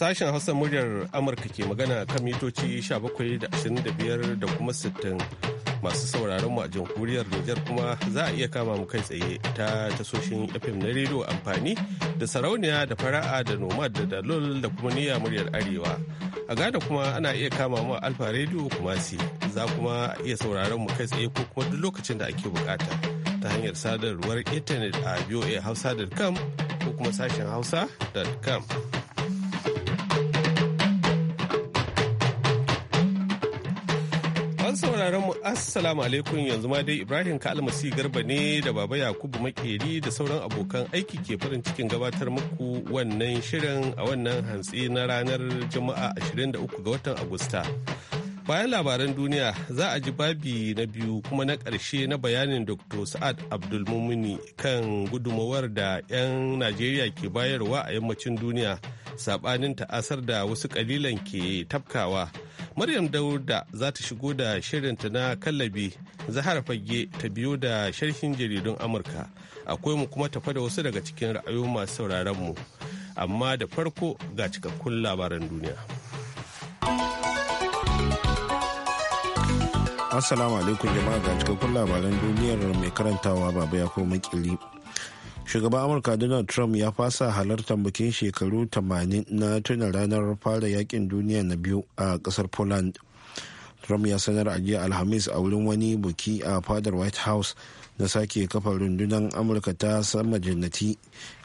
Sashen Hausa muryar Amurka ke magana kan mitoci 17 da da kuma 60 masu sauraron mu a jamhuriyar Nijar kuma za a iya kama mu kai tsaye ta tasoshin FM na rediyo amfani da sarauniya da fara'a da nomad da dalol da kuma niyya muryar Arewa. A gada kuma ana iya kama mu alfa rediyo kuma si za kuma iya sauraron mu kai tsaye ko kuma duk lokacin da ake bukata ta hanyar sadarwar intanet a voahausa.com ko kuma sashen hausa.com. sauraron mu Assalamu alaikum yanzu ma dai Ibrahim Kalmasi Garba ne da Baba Yakubu Makeri da sauran abokan aiki ke farin cikin gabatar muku wannan shirin a wannan hantsi na ranar Juma'a 23 ga watan Agusta. Bayan labaran duniya za a ji babi na biyu kuma na karshe na bayanin Dr. Sa'ad Abdulmumini kan gudumawar da 'yan Najeriya ke bayarwa a yammacin duniya saɓanin ta'asar da wasu ƙalilan ke tafkawa. Maryam Dauda za ta shigo da shirinta na kallabi Zahara Fage ta biyo da sharhin jaridun Amurka. Akwai mu kuma tafa da wasu daga cikin ra'ayoyin masu sauraron mu. Amma da farko ga cikakkun labaran duniya. Assalamu alaikum jama'a ga cikakkun labaran duniyar mai karantawa baba ya makili. shugaban amurka donald trump ya fasa halartar bikin shekaru 80 na tuna ranar fara yakin duniya na biyu a kasar poland trump ya sanar a jiya alhamis a wurin wani buki a fadar white house na sake kafa rundunar amurka ta sama jannati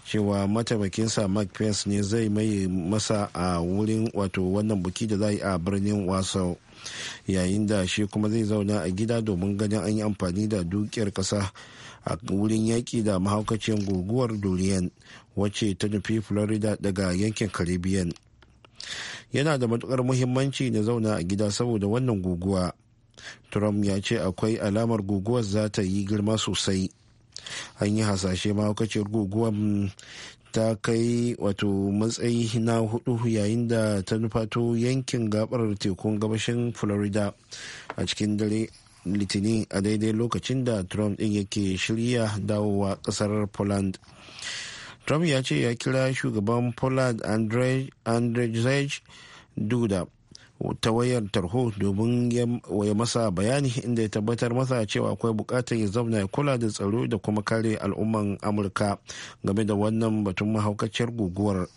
cewa mataimakinsa mike pence ne zai mai masa a wurin wato wannan buki da za yi a birnin wasau yayin da shi kuma zai zauna a gida domin ganin an yi amfani da dukiyar kasa a wurin yaƙi da mahaukaciyar guguwar dorian wacce ta nufi florida daga yankin caribbean yana da matukar muhimmanci na zauna a gida saboda wannan guguwa trump ya ce akwai alamar guguwar za ta yi girma sosai an yi hasashe mahaukaciyar guguwar ta kai wato matsayi na hudu yayin da ta nufato yankin gabar tekun gabashin florida a cikin dare litinin a daidai lokacin da trump din yake shirya dawowa kasar poland trump ya ce ya kira shugaban poland andrzej duda ta wayar tarho domin ya masa bayani inda ya tabbatar masa cewa akwai bukatar ya zauna ya kula da tsaro da kuma kare al'umman amurka game da wannan batun mahaukaciyar guguwar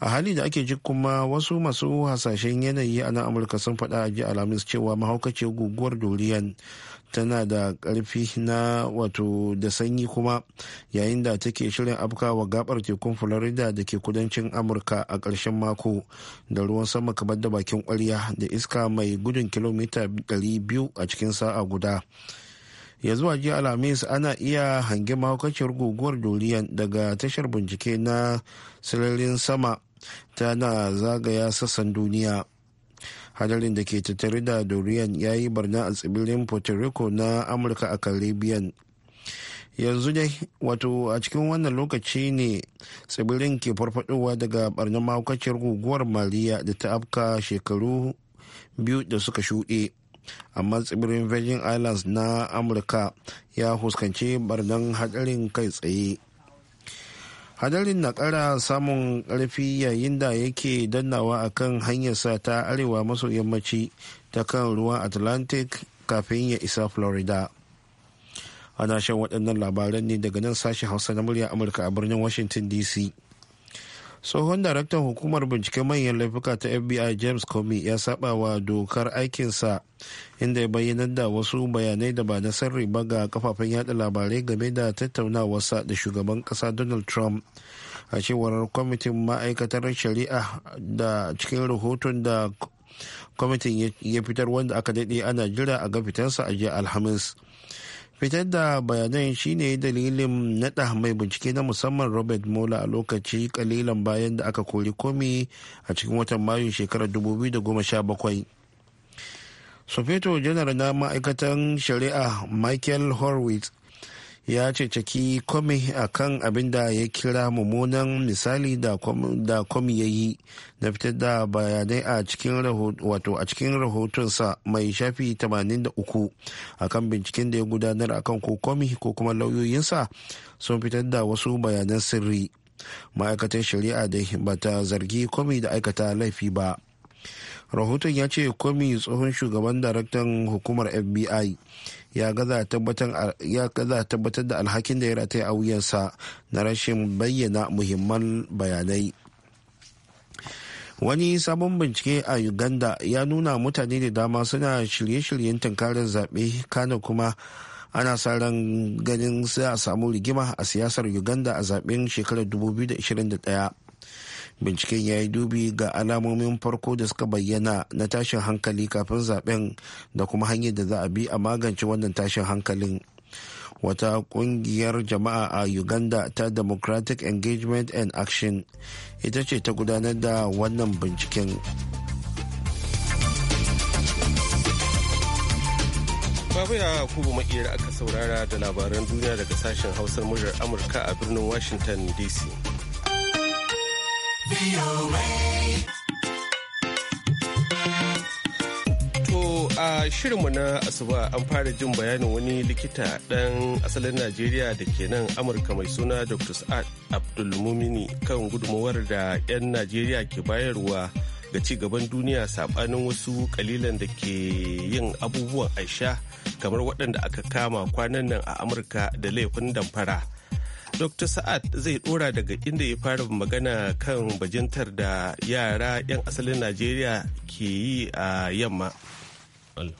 a hali da ake ji kuma wasu masu hasashen yanayi a nan amurka sun faɗa a ji alhamis cewa mahaukaciyar guguwar dorian tana da ƙarfi na wato da sanyi kuma yayin da take shirin afkawa gabar tekun florida da ke kudancin amurka a ƙarshen mako da ruwan sama kamar da bakin kwarya da iska mai gudun kilomita 200 a cikin sa'a guda ya zuwa jiya alhamis ana iya hange mahaukaciyar guguwar dorian daga tashar bincike na sararin sama tana zagaya sassan duniya hadarin da ke tattare da dorian ya yi barna a tsibirin puerto rico na amurka a caribbean yanzu dai wato a cikin wannan lokaci ne tsibirin ke farfadowa daga barnar mahaukaciyar guguwar maliya da ta afka shekaru biyu da suka shuɗe amma tsibirin virgin islands na amurka ya huskanci barnan hadarin kai tsaye hadarin na ƙara samun ƙarfi yayin da yake dannawa a kan hanyarsa ta arewa maso yammaci ta kan ruwan atlantic kafin ya isa florida ana shan waɗannan labaran ne daga nan sashen hausa na murya amurka a birnin washington dc tsohon daraktan hukumar binciken manyan laifuka ta fbi james comey ya saba wa dokar aikinsa inda ya bayyanar da wasu bayanai da ba na sirri ba ga kafafen yada labarai game da tattaunawarsa da shugaban kasa donald trump a cewar kwamitin ma'aikatar shari'a da cikin rahoton da kwamitin ya fitar wanda aka daɗe ana jira a ga fitarsa a jiya alhamis fitar da bayanan shine dalilin nada mai bincike na musamman robert mola a lokaci kalilan bayan da aka kori komi a cikin watan mayu shekarar 2017 sofeto janar na ma'aikatan shari'a michael horwitz ya ceceki kwame a kan abin da ya kira mummunan misali da kwami ya yi na fitar da bayanai a cikin wato a cikin rahotonsa mai shafi 83 akan binciken da ya gudanar akan ko kwami ko kuma lauyoyinsa sun fitar da wasu bayanan sirri ma'aikatar shari'a da bata zargi kwami da aikata laifi ba rahoton ya ce kwami tsohon shugaban daraktan hukumar fbi ya gaza tabbatar da alhakin da ya rataya a wuyansa na rashin bayyana muhimman bayanai wani sabon bincike a uganda ya nuna mutane da dama suna shirye-shiryen tunkarar zaɓe kana kuma ana sa ran ganin sai a samu rigima a siyasar uganda a zaɓen shekarar 2021 binciken ya yi dubi ga alamomin farko da suka bayyana na tashin hankali kafin zaben da kuma hanyar da za a bi a magance wannan tashin hankalin wata kungiyar jama'a a uganda ta democratic engagement and action ita ce ta gudanar da wannan binciken babu ya kubu makera aka saurara da labaran duniya daga sashen hausar murar amurka a birnin washington dc a shirinmu na asuba an fara jin bayanin wani likita ɗan asalin najeriya da ke nan amurka mai suna dr sa'ad abdulmumini kan gudunmawar da 'yan najeriya ke bayarwa ga ci gaban duniya saɓanin wasu kalilan da ke yin abubuwan aisha kamar waɗanda aka kama kwanan nan a amurka da laifin damfara Dr. Sa'ad zai dora daga inda ya fara magana kan bajintar da yara 'yan asalin Najeriya ke yi a yamma.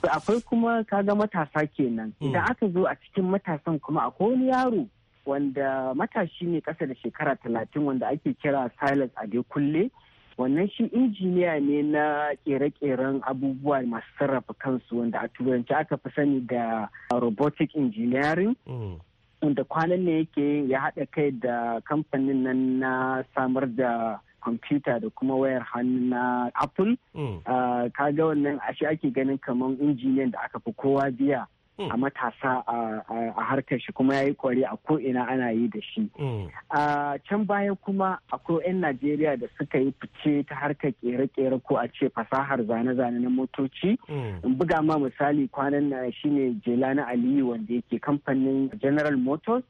Akwai kuma kaga matasa kenan. Hmm. Idan aka zo a cikin matasan kuma akwai wani yaro wanda matashi ne ƙasa da shekara talatin wanda ake kira Silas Adekunle. Wannan shi injiniya ne na kere-keren abubuwa masu sarrafa kansu wanda a turanci aka fi sani da robotic engineering. Hmm. wanda kwanan ne yake ya haɗa kai da kamfanin nan na samar da kwamfuta da kuma wayar hannu na apple mm. ah, ga wannan ashe ake ganin kamar injiniyan da aka fi kowa biya Hmm. a matasa a harkar shi kuma ya yi kwari a ko'ina ana yi da shi. Hmm. A can baya kuma akwai 'yan Najeriya da suka yi fice ta harkar kere-kere ko a ce fasahar zane-zane na motoci. Hmm. In buga ma misali kwanan na shi ne Jelani Aliyu wanda yake kamfanin General Motors.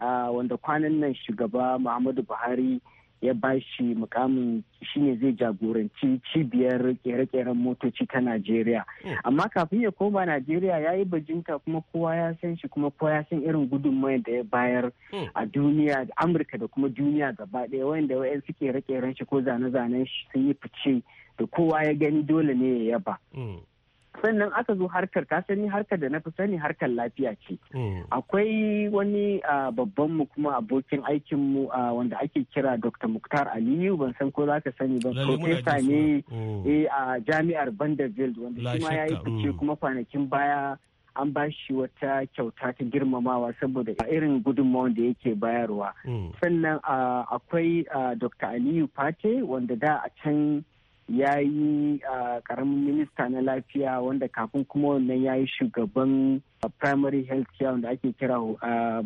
wanda kwanan nan shugaba Muhammadu Buhari ya ba shi mukamin shine zai jagoranci cibiyar kere-keren motoci ta najeriya hmm. amma kafin ya koma najeriya ya yi bajinta kuma kowa ya san shi kuma kowa ya san irin gudunmawar da ya bayar hmm. a duniya da amurka da kuma duniya gaba ɗaya wanda wayansu kere-keren shi ko zane-zanen shi sun yi fice da kowa ya gani dole ne ya yaba hmm. sannan aka zo harkar ka sani harkar da na fi sani harkar lafiya ce hmm. akwai wani babban mu kuma abokin aikin mu wanda ake kira dr muktar aliyu ban san ko za ka sani ba profesa ne hmm. eh, a jami'ar vanderbilt wanda shi ma ya yi fice hmm. kuma kwanakin baya an ba shi wata kyauta ta girmamawa saboda irin gudunmawar da yake bayarwa sannan akwai dr aliyu fate wanda da a can ya yi karamin ah, minista na lafiya wanda kafin kuma wannan ya yi shugaban a primary health care da ake kira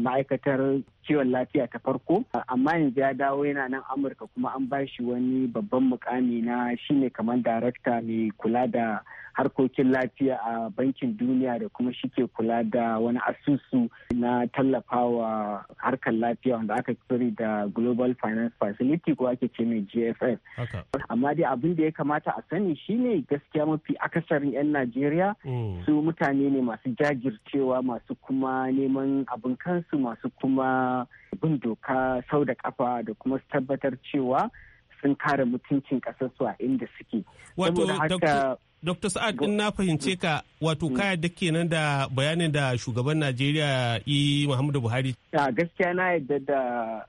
ma'aikatar kiwon lafiya ta farko amma yanzu ya dawo yana nan amurka kuma an ba shi wani babban mukami na shine kamar darakta mai kula da harkokin lafiya a bankin duniya da kuma shi ke kula da wani asusu na tallafawa harkar lafiya wanda aka kiri da global finance facility ko ake ce mai gfs amma dai abin da ya kamata a sani shine gaskiya mafi akasarin 'yan najeriya mm. su mutane ne masu jajirce cewa masu kuma neman abin kansu masu kuma bin doka sau da kafa da kuma tabbatar cewa sun kare mutuncin kasarsu a inda suke. Wato, Dr. Sa'ad in na fahimce ka wato mm. kaya da kenan da bayanin da shugaban Najeriya yi Muhammadu Buhari. Gaskiya na yadda da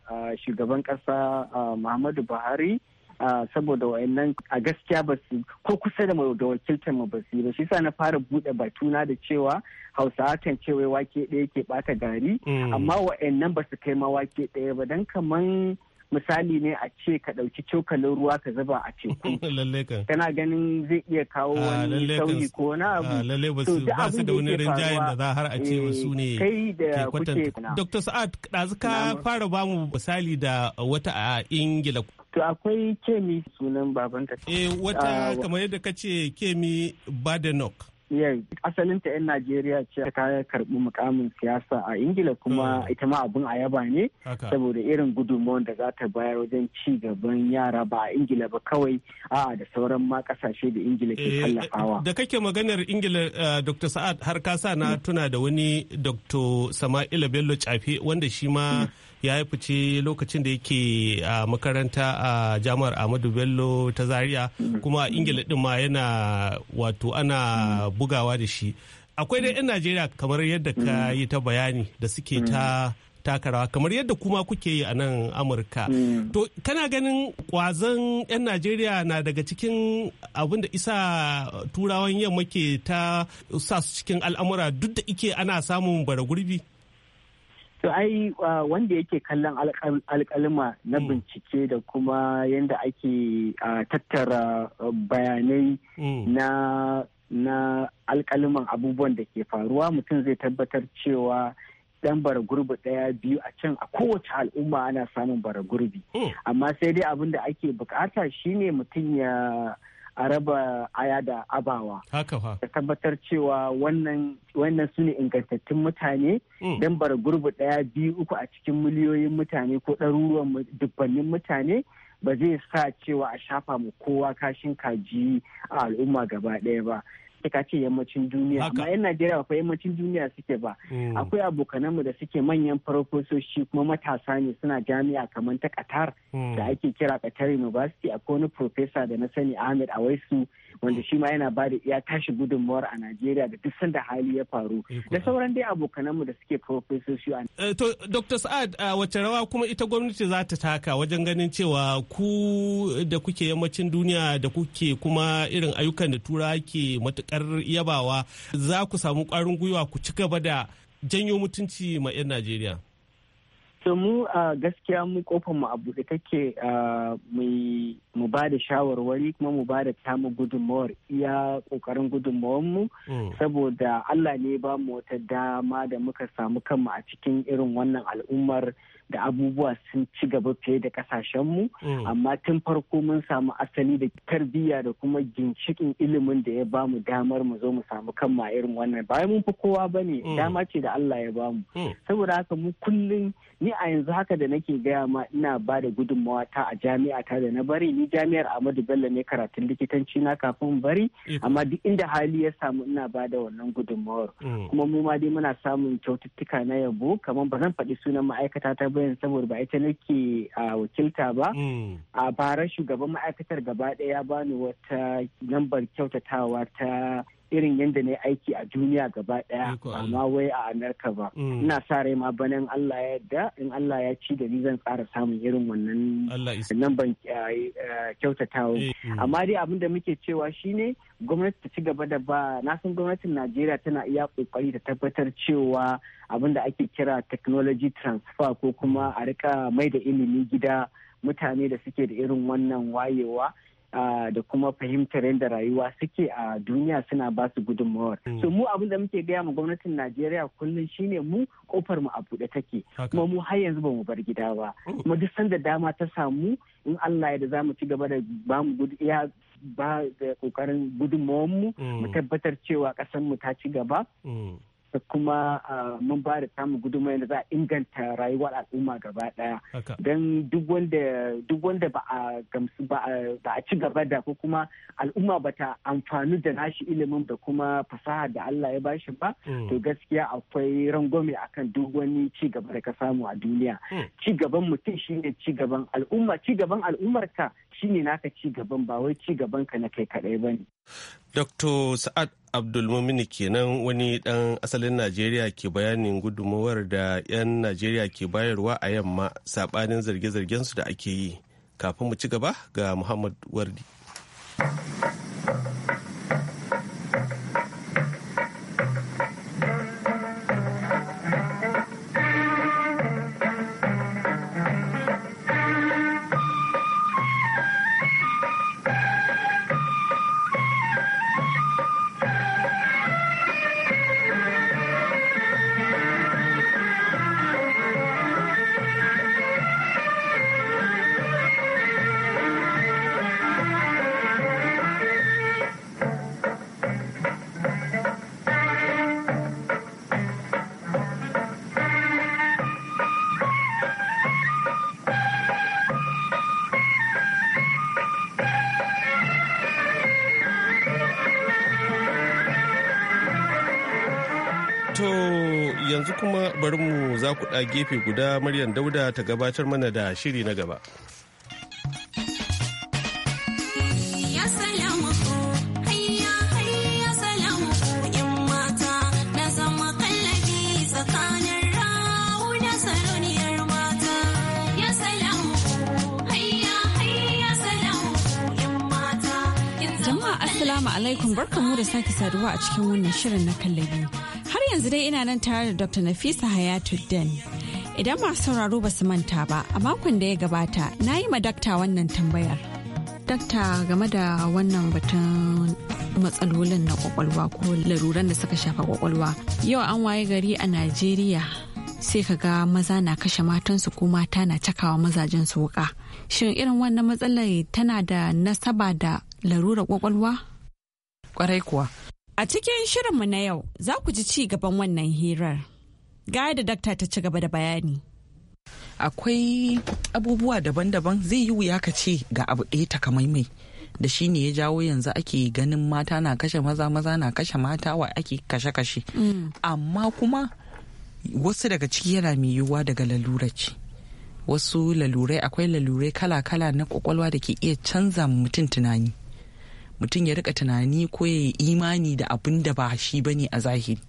ah, shugaban ƙasa ah, Muhammadu Buhari. saboda wayannan a gaskiya ba su ko kusa da da wakiltar mu ba su yi ba shi sa na fara bude batuna da cewa hausawa kan ce wai wake ɗaya ke bata gari mm. amma wayannan ba su kai ma wake ɗaya ba dan kaman misali ne a ce ka ɗauki cokalin ruwa ka zuba a teku kana ganin zai iya kawo ah, wani sauyi ko wani abu ah, to ba su da wani rinjayen da za har a ce wasu eh, ne ke kwatanta dr sa'ad ɗazu ka fara mu misali da wata a ingila to akwai kemi sunan babanta eh wata ah, kamar yadda ka ce kemi badenoch yau asalin ta 'yan Najeriya ce ta karbi mukamin siyasa a Ingila kuma hmm. ita ma abin a yaba ne saboda irin gudunmawar da za ta bayar wajen ci gaban yara ba a Ingila ba kawai a da sauran ma kasashe da Ingila ke eh, tallafawa. Da kake maganar Ingila eh, Dr. Sa'ad har ka sa na hmm. tuna da wani Dr. Sama'ila Bello Cafe wanda shi ma hmm. ya yi fice lokacin da yake a makaranta a Jamar Ahmadu Bello ta Zaria kuma Ingila din ma yana wato ana bugawa da shi. Akwai da 'yan Najeriya kamar yadda ka yi ta bayani da suke ta takarawa. kamar yadda kuma kuke yi a nan amurka to kana ganin kwazon 'yan najeriya na daga cikin abin da isa turawan yamma ke ta sa su cikin al'amura duk da ike ana samun bara gurbi To ai wanda yake kallon alkalima na mm. bincike da kuma yadda ake tattara bayanai mm. na na alkaliman abubuwan da ke faruwa mutum zai tabbatar cewa dan bara gurbi daya biyu a can a kowace al'umma ana samun bara gurbi mm. amma sai dai abin da ake bukata shine mutum ya a raba aya da abawa. Haka ha. Da tabbatar cewa wannan su ne ingantattun mutane mm. don bar gurbu ɗaya biyu uku a cikin miliyoyin mutane ko ɗaruruwan dubbannin mutane ba zai sa cewa a shafa mu kowa kashin kaji a al'umma gaba ɗaya ba. sai ka ce yammacin duniya amma yan najeriya ba yammacin duniya suke ba hmm. akwai abokananmu da suke manyan farfesoshi kuma matasa ne suna jami'a kamar ta qatar hmm. da ake kira qatar university akwai wani professor da na sani ahmed awaisu wanda shi ma yana bada iya tashi gudunmawar a najeriya da duk sanda hali ya faru da sauran dai abokananmu da suke farfesoshi a eh, to dr sa'ad wace rawa kuma ita gwamnati za ta taka wajen ganin cewa ku da kuke yammacin duniya da kuke kuma irin ayyukan da tura ke matuƙa matukar yabawa za ku samu ƙwarin gwiwa ku ci gaba da janyo mutunci ma 'yan Najeriya. to mu a gaskiya mu kofar mu a buɗe take mu ba da shawarwari kuma mu ba da tamu gudunmawar iya ƙoƙarin gudunmawar mu mm. saboda Allah ne ba mu wata dama da muka samu kanmu a cikin irin wannan al'ummar da abubuwa sun ci gaba fiye da kasashenmu mm. amma tun farko mun samu asali da tarbiyya da kuma ginshikin ilimin da ya bamu damar mu zo mu samu kan ma irin wannan ba mun fi kowa ba ne mm. dama ce da Allah ya bamu mm. saboda haka mu kullum ni a yanzu haka da nake gaya ma ina ba da gudunmawa ta a jami'a ta da na bari ni jami'ar Ahmadu Bello ne karatun likitanci na kafin bari amma duk inda hali ya samu ina ba da wannan gudunmawar kuma mu ma dai muna samun kyaututtuka na yabo kamar bazan zan faɗi sunan ma'aikata ta bayan saboda ba ita nake a wakilta ba hmm. a fara shugaban ma'aikatar gaba ɗaya bani wata lambar kyautatawa ta irin yadda na aiki a duniya gaba daya ba wai a amurka ba mm. ina sa rai ma banan allah ya in allah ya ci da ni zan tsara samun irin wannan nan ban eh, eh, kyautatawa eh. amma dai abin da muke cewa shine gwamnati ta ci gaba da ba na san gwamnatin najeriya tana iya kokari ta tabbatar cewa abin da ake kira technology transfer ko kuma a rika mai da ilimi gida mutane da suke da irin wannan wayewa da kuma fahimtar yadda rayuwa suke a duniya suna ba su gudunmawar. Hmm. So mu abin da muke gaya ma gwamnatin Najeriya kullum shine mu kofar mu a buɗe take kuma mu har yanzu ba mu bar gida ba hmm. kuma duk sanda dama ta samu in Allah ya da za mu ci gaba da ba mu iya ba da kokarin gudunmawar mu mu hmm. tabbatar cewa ƙasar mu ta ci gaba da kuma ah, mun ba da samun gudunmawar da za a inganta rayuwar al'umma gaba daya don duk wanda ah, ba a ci gaba da ko kuma al'umma ba ta amfani da nashi ilimin da kuma fasaha da Allah ya bashi ba mm. to gaskiya akwai rangwame kan duk wani ci gaba da ka samu a duniya mm. ci gaban mutum shine ci gaban al'umma ci gaban al'ummarka shine naka ci gaban ba wai ci gaban ka na kai kadai ba. Dr. Sa'ad abdulmumini kenan wani dan asalin najeriya ke bayanin gudunmawar da 'yan najeriya ke bayarwa a yamma sabanin zarge-zargensu da ake yi kafin mu ci gaba ga muhammad wardi kuma bari mu za ku ɗa gefe guda Maryam Dauda ta gabatar mana da shiri na gaba. Assalamu alaikum barkanmu da sake saduwa a cikin wannan shirin na kallabi. yanzu dai ina nan tare da Dr. Nafisa Dan Idan masu sauraro ba su manta ba, a makon da ya gabata na yi ma dakta wannan tambayar. Dakta game da wannan batun matsalolin na kwakwalwa ko laruran da suka shafa kwakwalwa. Yau an waye gari a Najeriya sai ka ga maza na kashe matansu ko mata na cakawa mazajen su wuka. Shin irin wannan matsalar tana da nasaba da larurar kwakwalwa? Kwarai kuwa. A cikin shirinmu na yau za ku ji ci gaban wannan hirar. Ga da dakta ta ci gaba da bayani. Akwai abubuwa daban-daban zai yi wuya ka ce ga abu ɗaya takamaimai. da shi ne ya jawo yanzu ake ganin mata na kashe maza maza na kashe mata wa ake kashe-kashe mm. amma kuma wasu daga ciki yana mai yiwuwa daga lalura ce wasu lalurai akwai lalurai kala-kala na kwakwalwa da ke iya canza mutum tunani mutum ya rika tunani ko ya yi imani da abin da ba shi bane a zahiri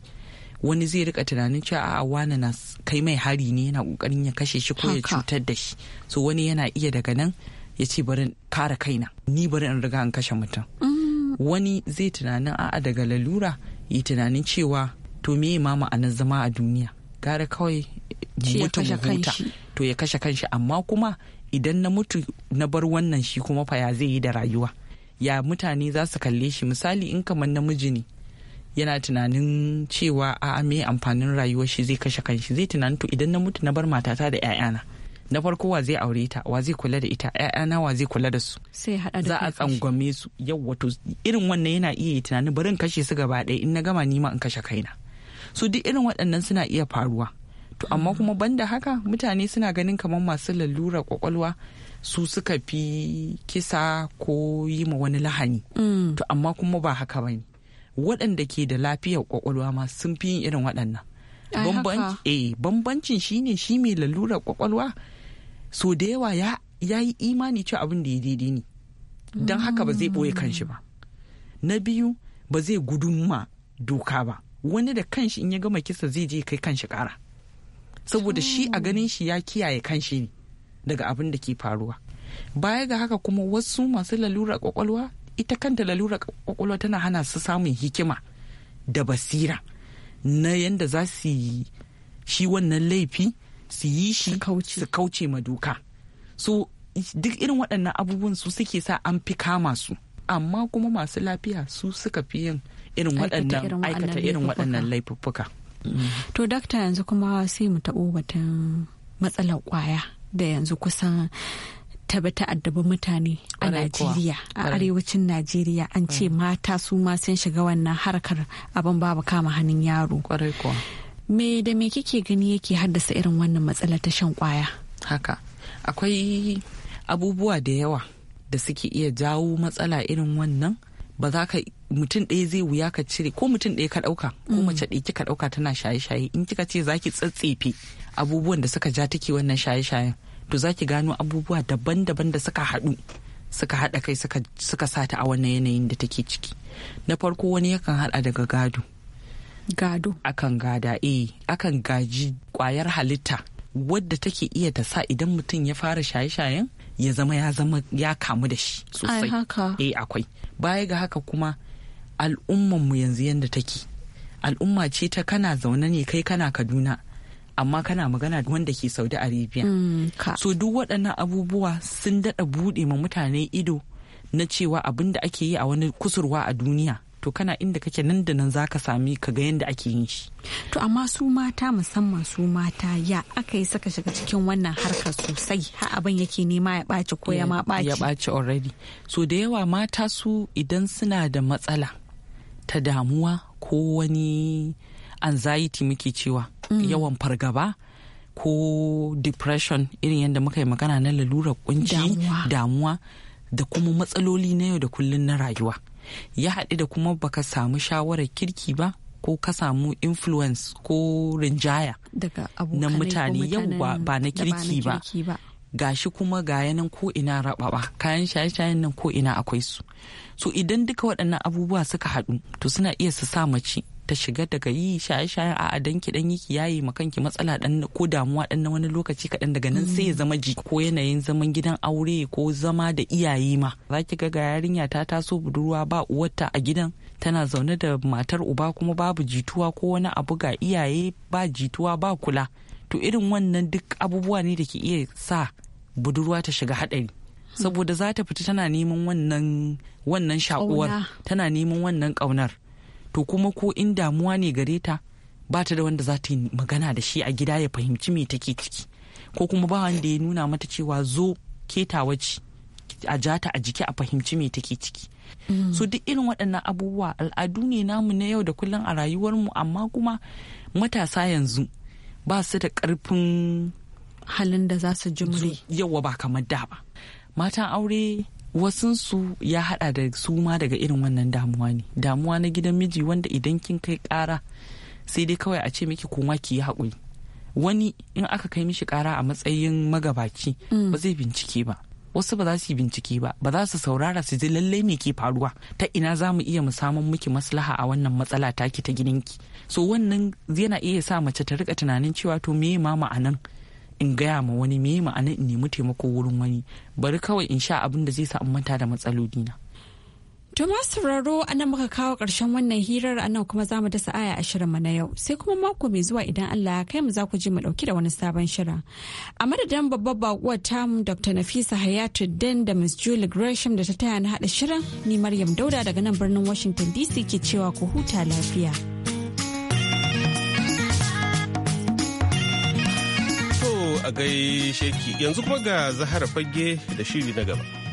wani zai rika tunanin cewa a wane na kai mai hari ne yana kokarin ya kashe shi ko ya cutar da shi so wani yana iya daga nan ya ce bari kare kaina ni bari in riga in kashe mutum mm. wani zai tunanin a'a daga lalura yi tunanin cewa to me ma ma'anar zama a duniya gara kawai mutu huta to ya kashe kanshi amma kuma idan na mutu na bar wannan shi kuma fa ya zai yi da rayuwa ya mutane za su kalle shi misali in kamar namiji ne yana tunanin cewa a me amfanin rayuwa shi zai kashe kanshi zai tunanin to idan na mutu na bar matata da 'ya'yana na farko wa zai aure ta wa zai kula da ita 'ya'yana wa zai kula da su za a tsangwame su yau wato irin wannan yana iya yi tunanin barin kashe su gaba ɗaya in na gama ni ma in kashe kaina su duk irin waɗannan suna iya faruwa to amma mm. kuma banda haka mutane suna ganin kamar masu lalurar kwakwalwa su suka fi kisa ko yi ma wani lahani mm. to amma kuma ba haka ba ne waɗanda ke da lafiyar kwakwalwa ma sun fi yin irin waɗannan eh, bambancin shine shi mai lalurar kwakwalwa so da yawa ya yi imani cewa abin da ya daidai ne don haka ba zai ɓoye kanshi ba na biyu ba zai gudun ma doka ba wani da kanshi in ya gama kisa zai je kai kanshi ƙara. saboda shi a ganin shi ya kiyaye kanshi ne daga abin da ke faruwa baya ga haka kuma wasu masu lalura kwakwalwa ita kanta lalura kwakwalwa tana hana su samun hikima da basira na yadda za su yi shi wannan laifi su yi shi su kauce ma so duk irin waɗannan abubuwan su suke sa an fi kama su amma kuma masu lafiya su suka fi yin irin waɗannan aikata irin waɗannan laifuffuka to dakta yanzu kuma sai mu taɓo batun matsalar kwaya da yanzu kusan ta bi ta'addaba mutane a Najeriya a arewacin Najeriya an ce mm. mata su ma sun shiga wannan harkar abin babu kama hannun yaro. Me da me kike gani yake haddasa irin wannan matsala ta shan kwaya? Haka akwai abubuwa da yawa da suke iya jawo matsala irin wannan ba za ka mutum ɗaya zai wuya ka cire ko mutum ɗaya ka ɗauka ko mm. mace ɗaya kika ɗauka tana shaye-shaye in kika ce zaki tsatsefe abubuwan da suka ja take wannan shaye-shayen to zaki gano abubuwa daban-daban da suka haɗu suka haɗa kai suka sa ta a wannan yanayin da take ciki na farko wani yakan haɗa daga gado gado akan gada eh akan gaji kwayar halitta wadda take iya ta sa idan mutum ya fara shaye-shayen ya zama ya zama ya kamu da shi sosai eh akwai baya ga haka kuma al'ummanmu yanzu yadda take al'umma ce ta kana zaune ne kai kana kaduna amma kana magana wanda ke saudi arabia mm, so duk waɗannan abubuwa sun daɗa buɗe ma mutane ido na cewa abin da ake yi a wani kusurwa a duniya to kana inda kake nan da nan zaka sami ka ga yadda ake yin shi to amma su mata musamman su mata ya aka yi saka shiga cikin wannan harkar sosai ha abin yake nema ya ɓaci ko ya ma ɓaci eh, ya ɓaci already so da yawa mata su idan suna da matsala ta damuwa ko wani anxiety muke cewa mm. yawan fargaba ko depression irin yadda muka yi magana na lalurar kunci damuwa da kuma matsaloli na yau da kullun na rayuwa ya haɗu da kuma baka samu shawarar kirki ba ko ka samu influence ko rinjaya na mutane yau ba na kirki ba gashi kuma ga yanan ko ina raɓaɓa kayan shaye-shayen nan ko ina akwai su so idan duka waɗannan abubuwa suka haɗu to suna iya su sa mace ta shiga daga yi shaye-shayen a'a dan ki dan yi ki yaye ma matsala dan ko damuwa dan na wani lokaci kaɗan daga nan sai ya zama ji ko yanayin zaman gidan aure ko zama da iyaye ma za ki ga ga yarinya ta taso budurwa ba uwarta a gidan tana zaune da matar uba kuma babu jituwa ko wani abu ga iyaye ba jituwa ba kula to irin wannan duk abubuwa ne da ke iya sa budurwa ta shiga haɗari saboda za ta fita tana neman wannan wannan shakuwar tana neman wannan kaunar to kuma ko in damuwa ne gare ta ba ta da wanda za ta yi magana da shi a gida ya fahimci me take ciki ko kuma ba wanda ya nuna mata cewa zo ketawa ce a jata a jiki a fahimci me take ciki mm. so duk irin waɗannan abubuwa al'adu ne namu na yau da kullum a rayuwarmu amma kuma matasa yanzu ba su da ƙarfin halin da za su jimre yawa ba kamar da ba matan aure wasunsu ya hada da su ma daga irin wannan damuwa ne damuwa na gidan miji wanda idan kin kai kara sai dai kawai a ce miki koma ki yi haƙuri wani in aka kai mishi kara a matsayin magabaci mm. ba zai bincike ba wasu ba za su yi bincike ba ba za su saurara su ji lallai me ke faruwa ta ina za mu iya mu samun miki maslaha a wannan matsala taki ta gidanki so wannan yana iya sa mace ta rika tunanin cewa to me ma ma'anan in gaya ma wani me ma'ana in nemi taimako wurin wani bari kawai in sha abin da zai sa in manta da matsaloli na. To masu sauraro a nan muka kawo ƙarshen wannan hirar a nan kuma za mu dasa aya ashirin mu na yau sai kuma mako mai zuwa idan Allah ya kai mu za ku ji mu ɗauki da wani sabon shirin. A madadin babbar ta mu Dr. Nafisa Hayatu Den da Ms. Julie Gresham da ta taya na haɗa shirin ni Maryam Dauda daga nan birnin Washington DC ke cewa ku huta lafiya. a gaishe ki yanzu kuma ga zahara fage da shiri na gaba.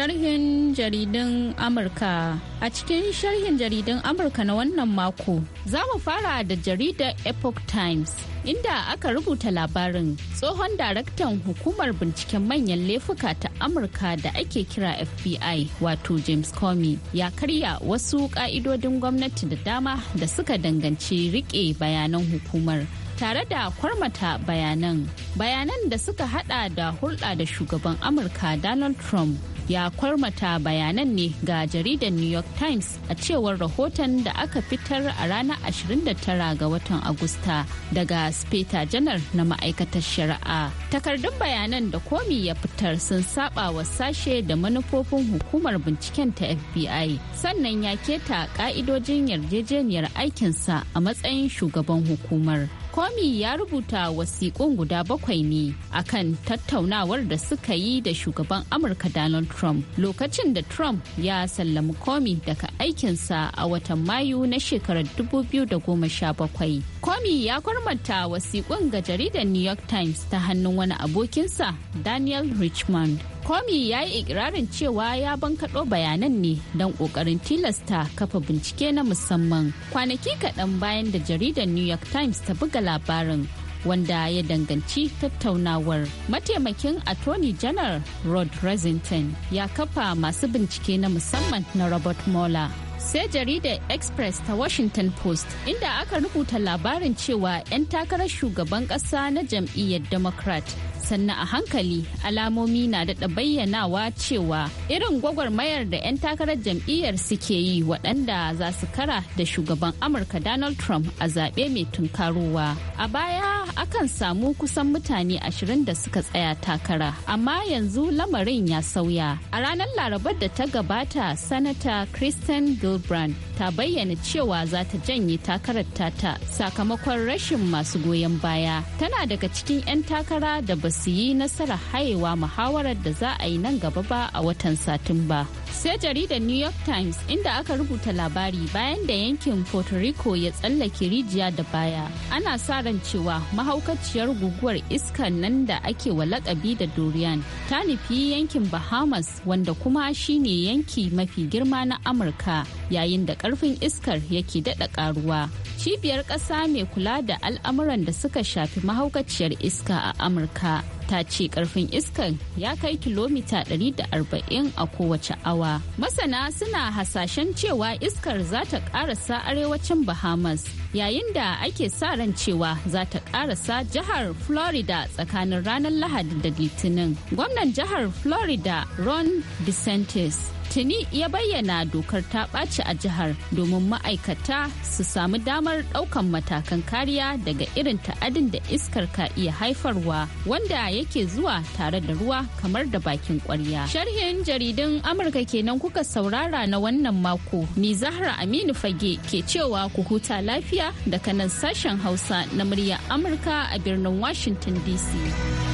sharhin jaridan Amurka. A cikin sharhin jaridan Amurka na wannan mako, za mu fara da jaridar Epoch Times, inda aka rubuta labarin tsohon daraktan hukumar binciken manyan laifuka ta Amurka da ake kira FBI, wato James Comey, ya karya wasu ka'idodin gwamnati da dama da suka danganci rike bayanan hukumar. tare da kwarmata bayanan bayanan da suka hada da hulɗa da shugaban amurka donald trump ya kwarmata bayanan ne ga jaridar new york times a cewar rahoton da aka fitar a ranar 29 ga watan agusta daga speta janar na ma'aikatar shari'a takardun bayanan da komi ya fitar sun saba wa sashe da manufofin hukumar binciken ta fbi sannan ya keta ka'idojin yarjejeniyar aikinsa a matsayin shugaban hukumar Komi ya rubuta wasiƙun guda bakwai ne akan tattaunawar da suka yi da shugaban Amurka Donald Trump lokacin da Trump ya sallami Komi daga aikinsa a watan Mayu na shekarar 2017. Komi ya kwarmata wasiƙun ga jaridar New York Times ta hannun wani abokinsa Daniel Richmond. Comey ya yi ikirarin cewa ya bankaɗo bayanan ne don ƙoƙarin tilasta kafa bincike na musamman kwanaki kaɗan bayan da jaridar New York Times ta buga labarin wanda ya danganci tattaunawar mataimakin attorney general rod rosenstein ya kafa masu bincike na musamman na robert mueller sai jaridar express ta washington post inda aka rubuta labarin cewa 'yan takarar shugaban kasa na jam'iyyar democrat sannan a hankali alamomi na daɗa bayyanawa cewa irin gwagwarmayar da 'yan takarar jam'iyyar suke yi waɗanda za su kara da shugaban amurka donald trump a zaɓe mai tunkarowa a baya akan samu kusan mutane ashirin da suka tsaya takara amma yanzu lamarin ya sauya a ranar larabar da ta gabata sanata kristen gilbrand ta bayyana cewa za ta janye takarar ta sakamakon rashin masu goyon baya tana daga cikin 'yan takara da ba su yi nasarar hayewa muhawarar da za a yi nan gaba ba a watan satumba sai jaridar new york times inda aka rubuta labari bayan da yankin puerto rico ya tsallake rijiya da baya ana sa ran cewa mahaukaciyar guguwar iska nan da ake wa lakabi da dorian ta nufi yankin bahamas wanda kuma shine yanki mafi girma na amurka yayin da karfin iskar yake daɗa karuwa cibiyar ƙasa mai kula da al'amuran da suka shafi mahaukaciyar iska a amurka ta ce karfin iskan ya kai kilomita 140 a kowace awa. Masana suna hasashen cewa iskar za ta karasa arewacin Bahamas yayin da ake sa ran cewa za ta karasa jihar Florida tsakanin ranar Lahadi da Litinin. Gwamnan jihar Florida Ron DeSantis tuni ya bayyana dokar ta ɓaci a jihar domin ma'aikata su samu damar ɗaukan matakan kariya daga irin ta'adin da iskar ka iya haifarwa wanda yake zuwa tare da ruwa kamar da bakin ƙwarya. Sharhin jaridun Amurka kenan kuka saurara na wannan mako. Ni Zahra Aminu Fage ke cewa ku huta lafiya daga nan sashen Hausa na murya Amurka a birnin Washington DC.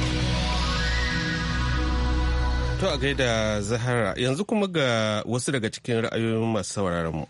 To a gaida Zahara yanzu kuma ga wasu daga cikin ra'ayoyin masu sauraron mu.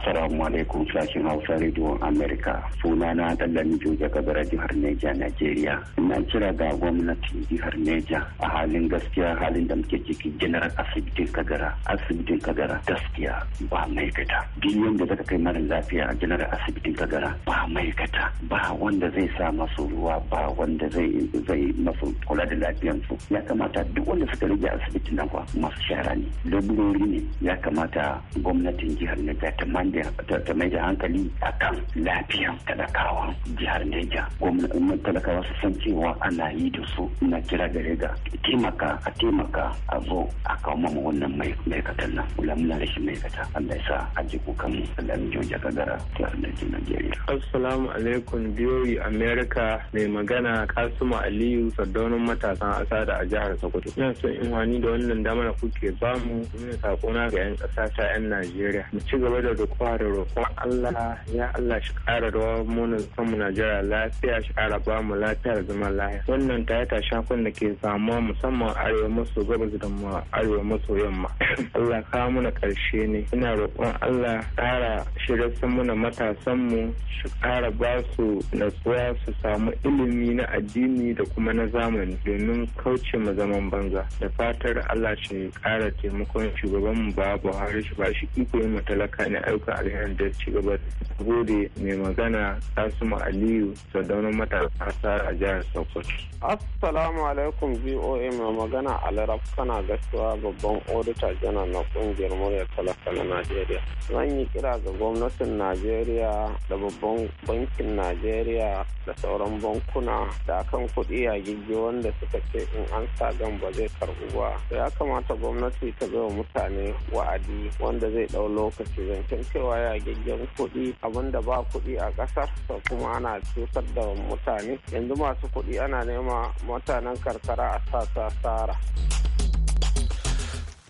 Assalamu alaikum sashen Hausa Radio America. Sunana Dallami Joja jihar Neja, Najeriya. Ina kira ga gwamnati jihar Neja a halin gaskiya halin da muke ciki general asibitin Kagara. Asibitin Kagara gaskiya ba maikata. Biliyon da zaka kai mana lafiya a general asibitin Kagara ba maikata. Ba wanda zai sa masu ruwa ba wanda zai zai masu kula da lafiyansu. Ya kamata duk wanda suka rage asibitin nan kuwa masu shara ne. Laburori ne ya kamata gwamnatin jihar Neja ta ta mai da hankali a kan lafiyan talakawa jihar Neja. Gwamnatin talakawa su san cewa ana yi da su na kira gare ga taimaka a taimaka a zo a kawo mama wannan ma'aikatan nan. muna da shi ma'aikata Allah ya sa a ji kukan Alamijo Jakagara jihar Neja Najeriya. Assalamu alaikum biyoyi e Amerika mai magana Kasuma Aliyu Sardaunin matasan asa da a jihar Sokoto. Ina so in wani da wannan damar kuke bamu. Ina n'a ga 'yan ƙasa ta 'yan Najeriya. Mu ci gaba da duk fara roƙon Allah ya Allah shi ƙara rawa mu kanmu Najeriya lafiya shi ƙara ba mu lafiya da zaman lafiya. Wannan ta ta shafin da ke samuwa musamman arewa maso gabas da arewa maso yamma. Allah ka mana ƙarshe ne. Ina roƙon Allah ƙara shirya muna mu shi ƙara ba su natsuwa su samu ilimi na addini da kuma na zamani domin kauce ma zaman banza. Da fatar Allah shi ƙara taimakon shugabanmu ba Buhari shi ba shi iko yin matalaka ne aiko. fata da ci gaba gode mai magana Kasimu Aliyu Sadaunin matasa a jihar Sokoto. Assalamu alaikum VOA mai magana Alarab kana gaskiya babban odita janar na kungiyar murya talaka na Najeriya. Zan yi kira ga gwamnatin Najeriya da babban bankin Najeriya da sauran bankuna da akan kuɗi a gigi wanda suka ce in an sa gan ba zai karbu ba. Ya kamata gwamnati ta bai wa mutane wa'adi wanda zai ɗau lokaci zancen cewa ya gyaggyan kuɗi abin da ba kuɗi a ƙasar to kuma ana cutar da mutane yanzu masu kuɗi ana nema mutanen karkara a sasa tsara.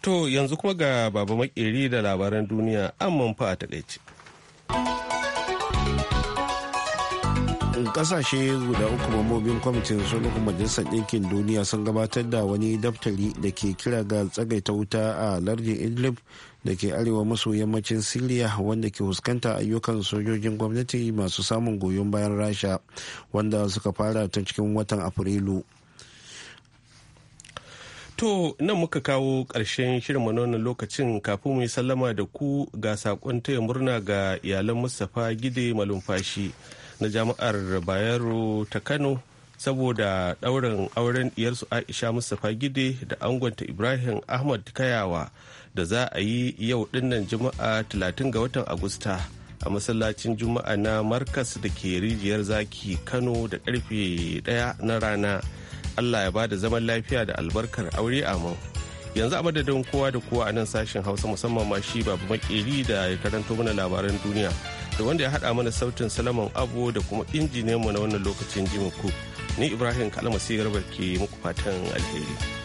To yanzu kuma ga baba makeri da labaran duniya an manfa a takaice. kasashe guda uku mambobin kwamitin sulhun majalisar ɗinkin duniya sun gabatar da wani daftari da ke kira ga tsagaita wuta a lardin idlib da ke arewa maso yammacin siriya wanda ke fuskanta ayyukan sojojin gwamnati masu samun goyon bayan rasha wanda suka fara ta cikin watan afrilu To nan muka kawo ƙarshen shirin manonin lokacin kafin mu yi sallama da ku ga saƙon taya murna ga iyalan Mustapha Gide Malumfashi. na jami'ar bayero ta kano saboda ɗaurin auren diyarsu aisha mustapha gide da angonta ibrahim ahmad kayawa da za a yi yau dinnan juma'a 30 ga watan agusta a masallacin juma'a na markas da ke rijiyar zaki kano da karfe 1 na rana allah ya ba da zaman lafiya da albarkar aure amin yanzu a madadin kowa da kowa a nan sashen hausa musamman ma shi babu makeri da ya karanto mana labaran duniya da wanda ya haɗa mana sautin salaman abu da kuma injiniyanmu na wannan lokacin jimin ku ni ibrahim kalmasi garba ke muku fatan alheri